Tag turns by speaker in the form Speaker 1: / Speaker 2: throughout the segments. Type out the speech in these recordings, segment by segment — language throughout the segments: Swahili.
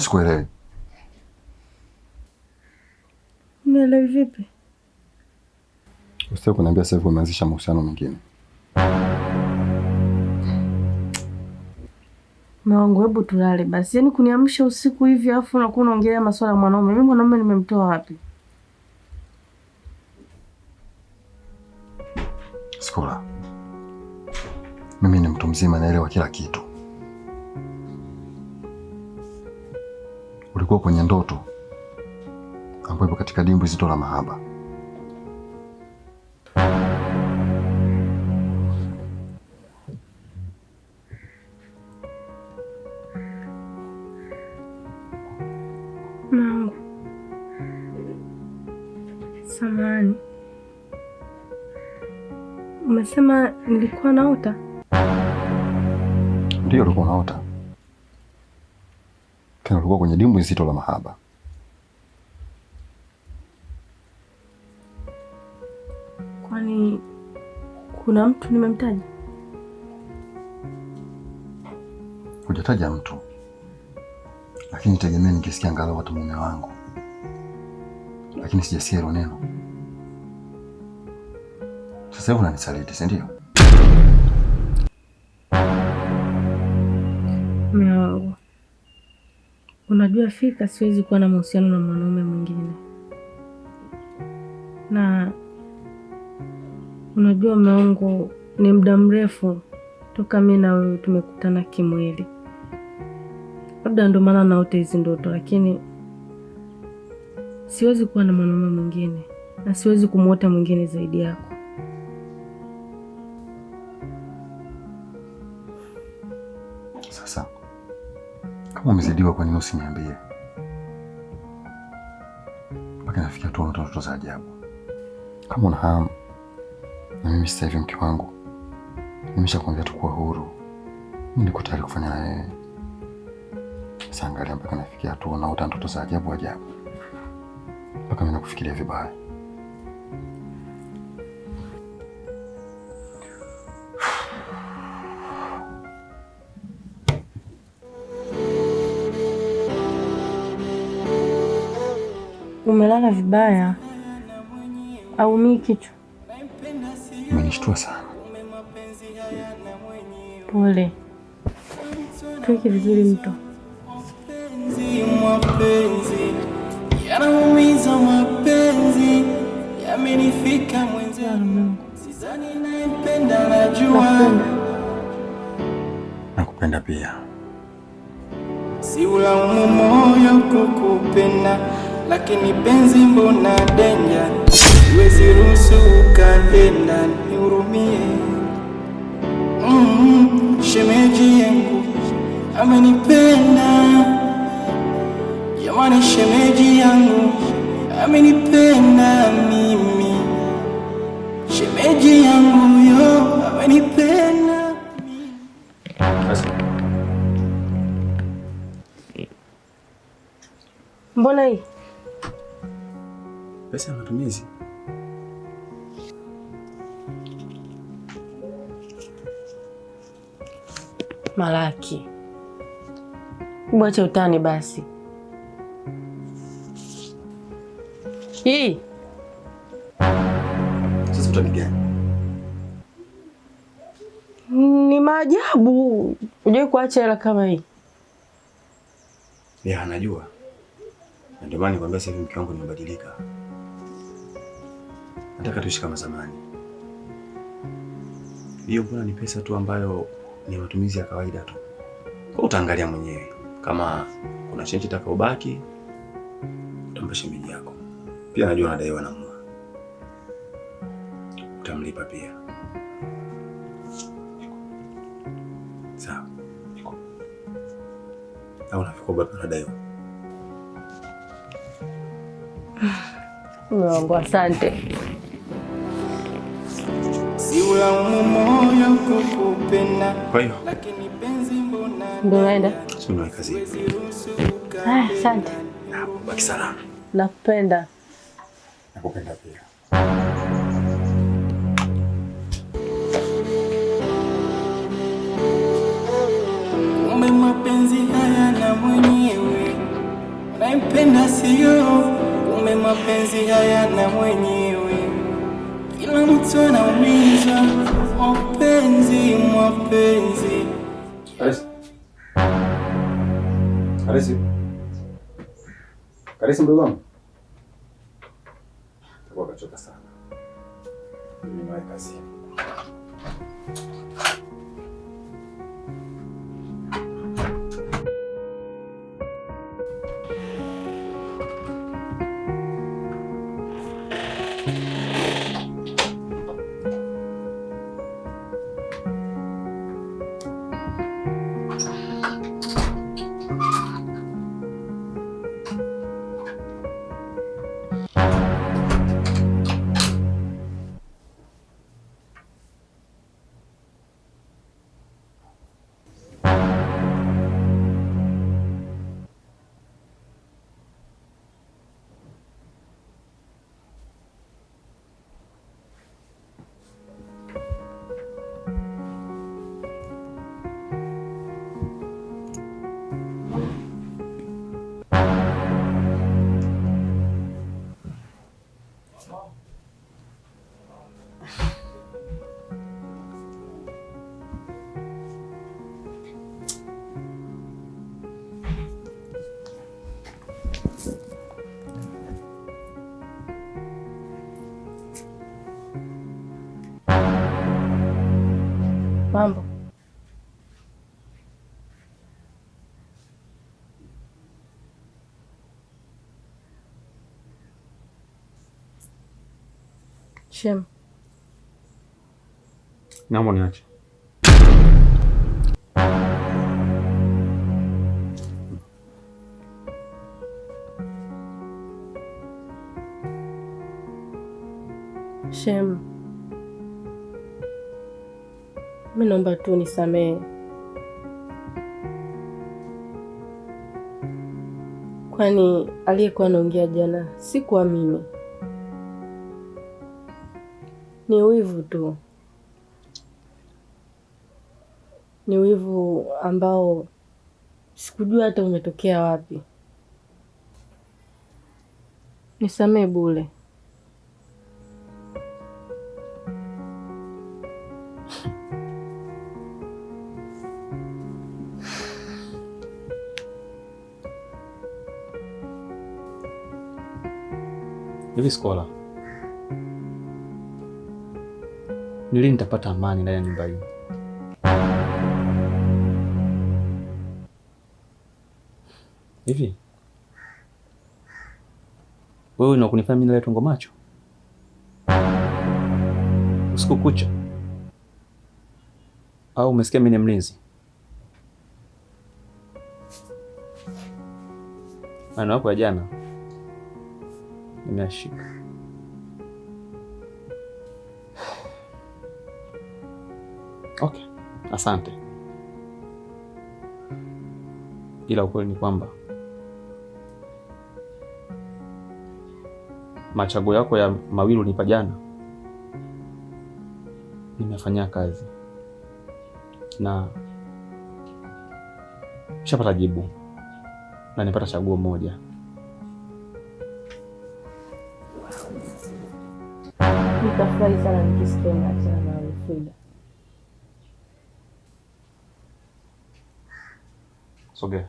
Speaker 1: Mbona sikuelewi?
Speaker 2: Unaelewi vipi?
Speaker 1: Usitaki kuniambia sasa hivi umeanzisha mahusiano mengine?
Speaker 2: Mwanangu, hebu tulale basi. Yaani kuniamsha usiku hivi afu unakuwa unaongelea masuala ya mwanaume. Mimi mwanaume nimemtoa wapi?
Speaker 1: Sikula. Mimi ni mtu mzima naelewa kila kitu. alikuwa kwenye ndoto ambayo ipo katika dimbwi zito la mahaba.
Speaker 2: Mamangu, samani umesema nilikuwa naota?
Speaker 1: Ndio, ulikuwa naota lakini ulikuwa kwenye dimbwi zito la mahaba.
Speaker 2: Kwani kuna mtu nimemtaja?
Speaker 1: Hujataja mtu, lakini tegemea nikisikia angalau watu mume wangu, lakini sijasikia hilo neno. Sasa hivi unanisaliti, si ndio?
Speaker 2: Mume wangu Unajua fika, siwezi kuwa na mahusiano na mwanaume mwingine, na unajua maongo ni muda mrefu toka mi na wewe tumekutana kimwili, labda ndio maana naote hizi ndoto, lakini siwezi kuwa na mwanaume mwingine na siwezi kumwota mwingine zaidi yako.
Speaker 1: Sasa kama umezidiwa, kwa nini usiniambie? Mpaka nafikia tu unaota ndoto za ajabu. Kama una hamu na mimi sasa hivi, mke wangu, nimeshakwambia tukuwa huru, mimi niko tayari kufanya na wewe. Sasa angalia, mpaka nafikia tu unaota ndoto za ajabu ajabu, mpaka mimi nakufikiria vibaya.
Speaker 2: umelala vibaya, aumii kitu?
Speaker 1: Umenishtua sana.
Speaker 2: Pole, tweke vizuri mto
Speaker 1: nakupenda pia, siulaumu moyo kukupenda lakini penzi mbona denja, wezi ruhusu ukaenda, nihurumie mm -hmm. Shemeji yangu amenipenda
Speaker 2: jamani, shemeji yangu amenipenda mimi, shemeji yangu yo amenipenda mimi. Mbona hii
Speaker 1: pesa ya matumizi.
Speaker 2: Malaki, bwacha utani basi. Hii
Speaker 1: sasa utani gani?
Speaker 2: Ni maajabu, hujai kuacha hela kama hii.
Speaker 1: Ya, anajua. Ndio maana nikwambia sasa hivi mke wangu nimebadilika nataka tuishi kama zamani. Hiyo mbona ni pesa tu ambayo ni matumizi ya kawaida tu, kwa utaangalia mwenyewe kama kuna chenji itakaobaki utampa shemeji yako. Pia najua unadaiwa na mwa, utamlipa pia. Sawa au nafikiri bado unadaiwa?
Speaker 2: Mungu, asante
Speaker 1: kulaumu moyo kukupenda. Kwa hiyo ndio naenda kazi.
Speaker 2: Haya, ah, asante. Baki salama. Nakupenda.
Speaker 1: Nakupenda pia. mapenzi haya na mwenyewe unaipenda, sio? Kumbe mapenzi haya na mwenyewe kila mtu anaumiza mapenzi mapenzi. Karesi, Karesi mdogo wangu, kachoka sana. Shem, naomba niache.
Speaker 2: Shem, mi naomba tu nisamehe. Kwani aliyekuwa anaongea jana sikuwa mimi. Ni wivu tu, ni wivu ambao sikujua hata umetokea wapi. Nisamee bule.
Speaker 1: Hivi Skola ni lini nitapata amani ndani ya nyumba hii? Hivi wewe na kunifanya mimi nilale tongo macho usiku kucha, au umesikia mimi ni mlinzi? Maneno yako ya jana nimeashika. asante. Ila ukweli ni kwamba machaguo yako ya mawili ni pajana nimefanyia kazi na shapata jibu na nipata chaguo moja.
Speaker 2: Nitafurahi sana nikisikia unaachana na Frida.
Speaker 1: Sogea.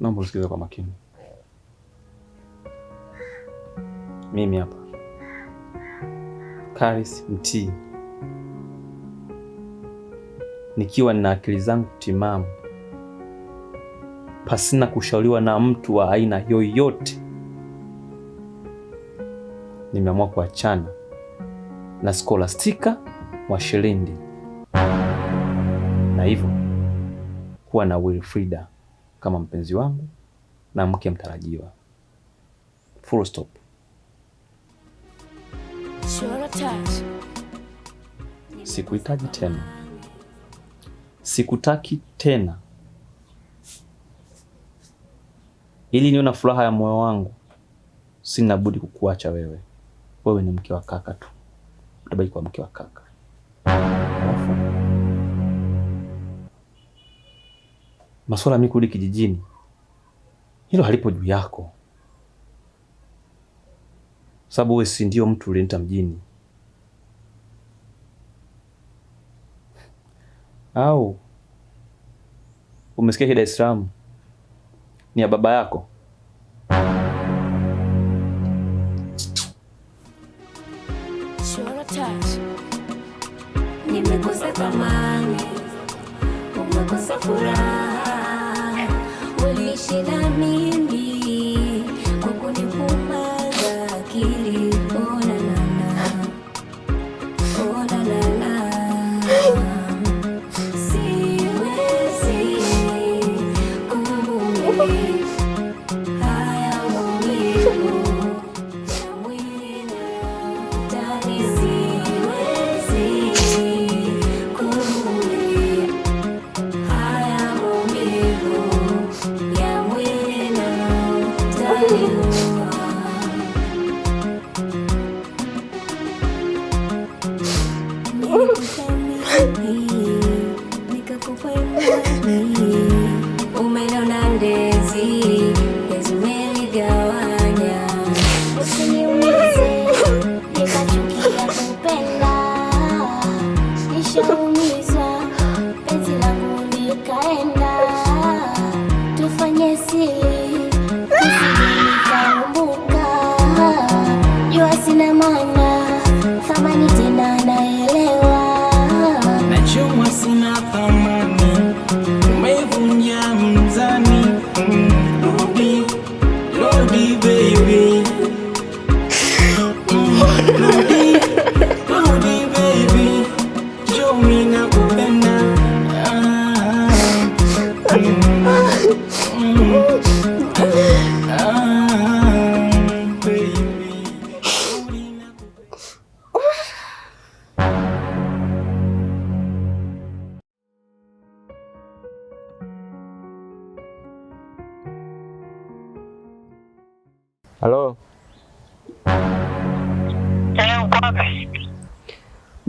Speaker 1: Naomba usikize kwa makini. Mimi hapa Karis mtii, nikiwa nina akili zangu timamu pasina kushauriwa na mtu wa aina yoyote. Nimeamua kuachana na Skolastika Shilindi, na hivyo kuwa na Wilfrida kama mpenzi wangu na mke mtarajiwa. Full stop. Sikuhitaji tena, sikutaki tena. ili niwe na furaha ya moyo wangu, sina budi kukuacha wewe. Wewe ni mke wa kaka tu, utabaki kwa mke wa kaka. Masuala mimi kurudi kijijini, hilo halipo juu yako, sababu wewe si ndio mtu ulinita mjini au umesikia ki Dar es Salaam ni ya baba yako.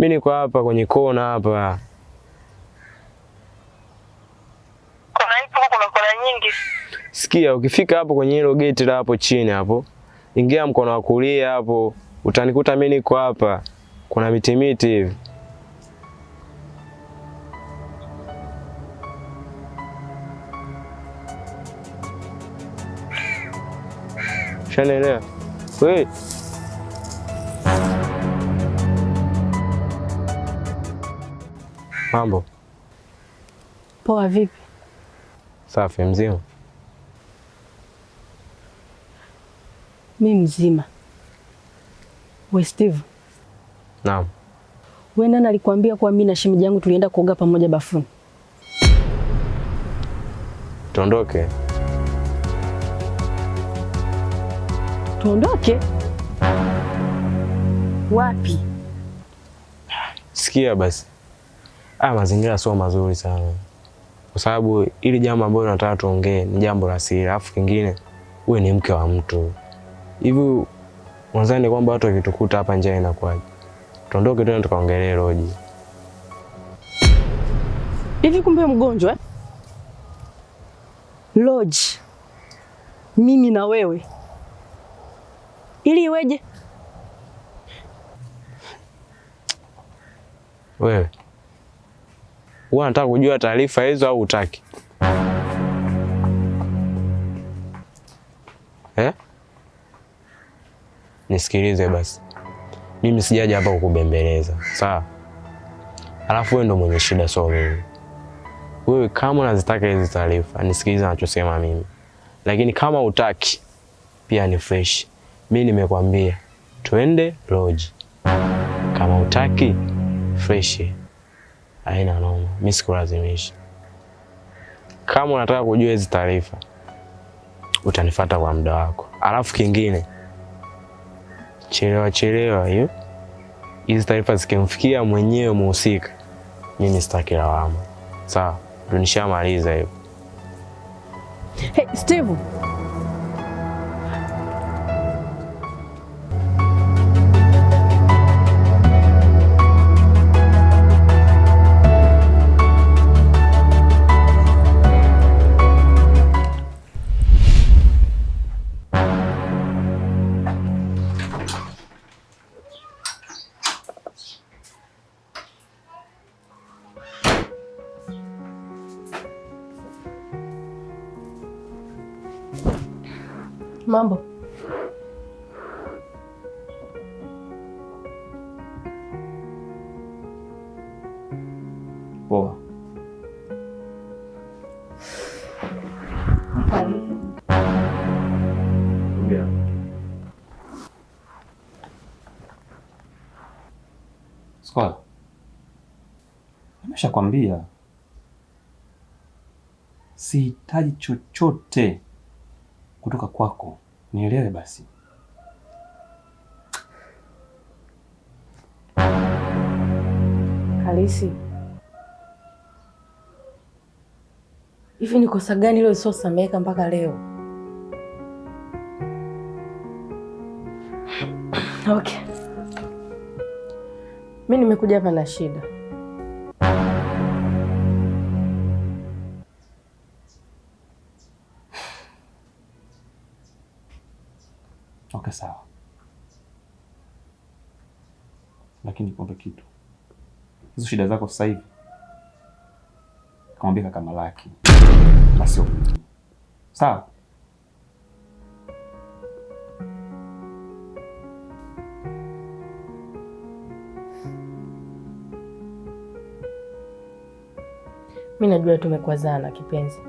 Speaker 1: Mimi niko hapa kwenye kona hapa.
Speaker 3: Kona ipo, kuna kona nyingi.
Speaker 1: Sikia, ukifika hapo kwenye hilo geti la hapo chini hapo, ingia mkono wa kulia hapo, utanikuta mimi niko hapa. Kuna miti miti hivi. Shanelea. Shanaelewa. Mambo poa. Vipi? Safi. Mzima?
Speaker 2: Mi mzima. We Steve. Naam. We nani alikuambia kuwa mi na shemeji yangu tulienda kuoga pamoja bafuni? Tuondoke. Tuondoke wapi?
Speaker 1: Sikia basi Ah, mazingira sio mazuri sana, kwa sababu ili jambo ambalo nataka tuongee ni jambo la siri, alafu kingine uwe ni mke wa mtu hivi, mwanzani kwamba watu wakitukuta hapa njia inakuwaje? Tuondoke tena tukaongelee Roji.
Speaker 2: Hivi kumbe mgonjwa eh? Loji, mimi na wewe ili iweje
Speaker 1: wewe huwa unataka kujua taarifa hizo au utaki Eh? Nisikilize basi, mimi sijaja hapa kukubembeleza, sawa? Alafu wewe ndo mwenye shida, sio mimi. Wewe kama unazitaka hizi taarifa, nisikilize anachosema mimi, lakini kama utaki pia ni fresh. Mimi nimekwambia twende lodge, kama utaki fresh Aina noma, mi sikulazimishi. Kama unataka kujua hizi taarifa utanifata kwa muda wako. Alafu kingine, chelewa chelewa hiyo, hizi taarifa zikimfikia mwenyewe muhusika, mimi sitaki lawama. Sawa, tunishamaliza hivyo.
Speaker 2: Hey, Steve. Mambo
Speaker 1: poa. Sikola, nimeshakwambia sihitaji chochote kutoka kwako nielewe basi.
Speaker 2: Halisi, hivi ni kosa gani hilo lisiosameka mpaka leo? Okay, mi nimekuja hapa na shida
Speaker 1: lakini kumbe kitu hizo shida zako sasa hivi kamwambia kaka Malaki na sio sawa.
Speaker 2: Mi najua tumekwazana kipenzi,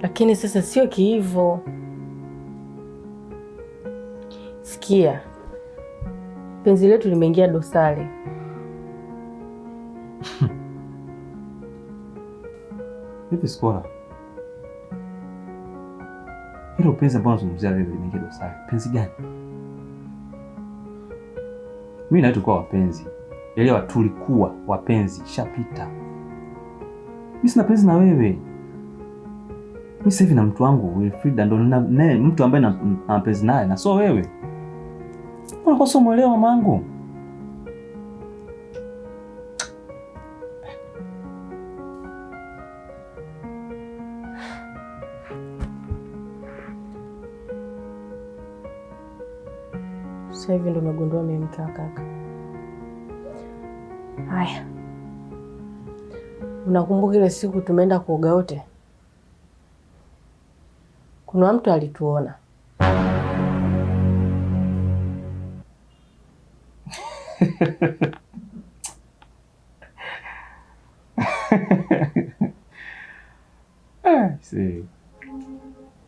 Speaker 2: lakini sasa sio kiivo. Sikia, penzi letu limeingia dosari.
Speaker 1: Vipi Skola? Hilo penzi ambalo nazungumzia leo limeingia dosari. Penzi gani? Mimi na yaani tulikuwa wapenzi. Elewa, tulikuwa wapenzi, shapita. Mimi sina penzi na wewe. Mimi sasa hivi na mtu wangu Wilfrida, ndo mtu ambaye na mapenzi naye na so wewe. Unakosa mwelewa mamangu.
Speaker 2: Sasa hivi ndo umegundua mimi mke wa kaka. Haya, unakumbuka ile siku tumeenda kuoga wote, kuna mtu alituona
Speaker 1: Eh,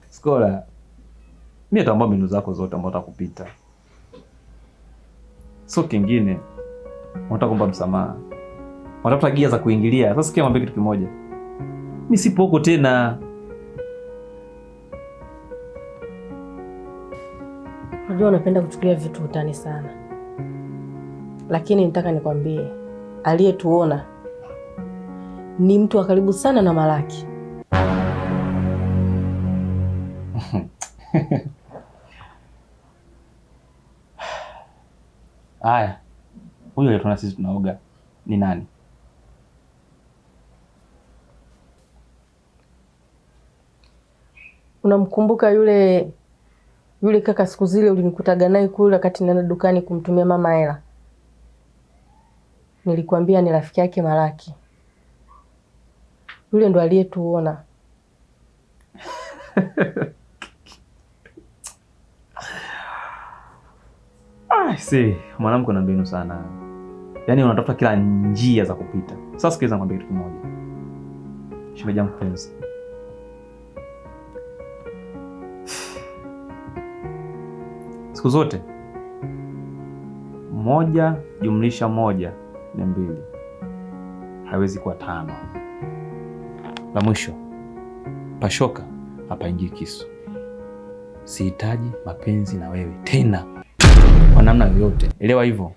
Speaker 1: Skola, mi atambua mbinu zako zote ambao utakupita, so kingine. Unataka msamaha, watafuta gia za kuingilia. Sasa sikia, mwambie kitu kimoja, mi sipo huko tena.
Speaker 2: Unajua unapenda kuchukulia vitu utani sana lakini nitaka nikwambie, aliyetuona ni mtu wa karibu sana na Malaki.
Speaker 1: haya huyo aliyetuona sisi tunaoga ni nani?
Speaker 2: Unamkumbuka yule yule kaka, siku zile ulinikutaga naye kule wakati nenda dukani kumtumia mama hela? Nilikuambia ni rafiki yake Malaki, yule ndo aliyetuona.
Speaker 1: Ah, mwanamke na mbinu sana, yaani unatafuta kila njia za kupita. Sasa sikiliza, nikwambie kitu kimoja, shemeji mpenzi, siku zote moja jumlisha moja na mbili, hawezi kuwa tano. La mwisho, pashoka hapaingii kisu. Sihitaji mapenzi na wewe tena kwa namna yoyote, elewa hivyo.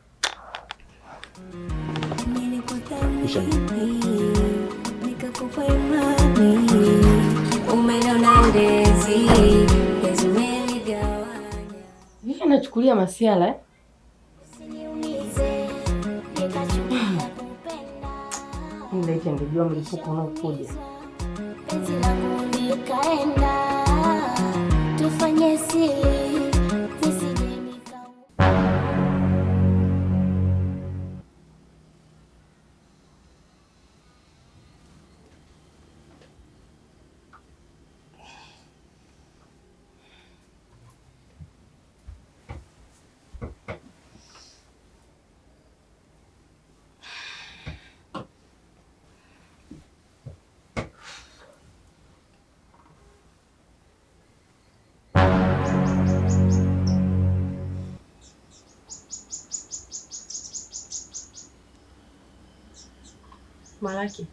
Speaker 2: Nachukulia masiala eh? ningejua mlipuko unaokuja Malaki,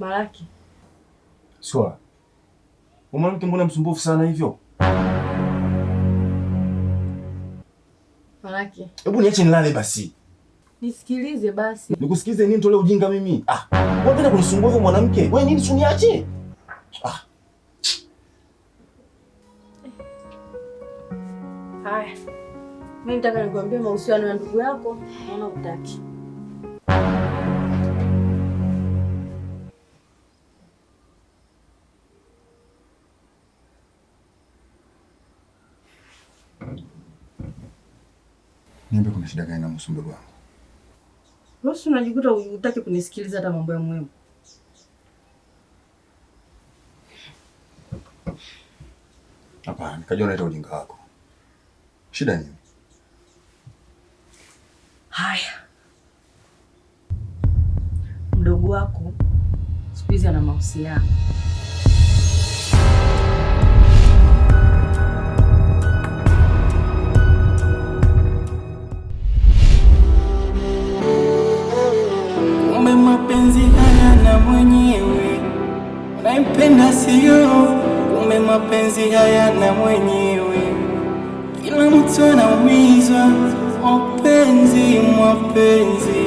Speaker 2: Malaki
Speaker 1: swala umwanamke, mbona msumbufu sana hivyo? Malaki, hebu niache nilale basi.
Speaker 2: Nisikilize basi.
Speaker 1: Nikusikilize nini? Tole ujinga mimi. Ah, wewe unataka kunisumbua hivyo mwanamke? Wewe nini suniache? Ah.
Speaker 2: Haya. Mimi nataka nikwambie mahusiano ya ndugu yako, naona utaki.
Speaker 1: Niambie kuna shida gani mhusu mdogo wangu?
Speaker 2: Rosi, unajikuta unataka kunisikiliza hata mambo ya muhimu.
Speaker 1: Hapana, nikajua unaita ujinga wako. Shida nini?
Speaker 2: Haya, mdogo wako siku hizi ana mahusiano Kupenda sio kume mapenzi haya na mwenyewe, kila mtu anaumizwa, mapenzi mapenzi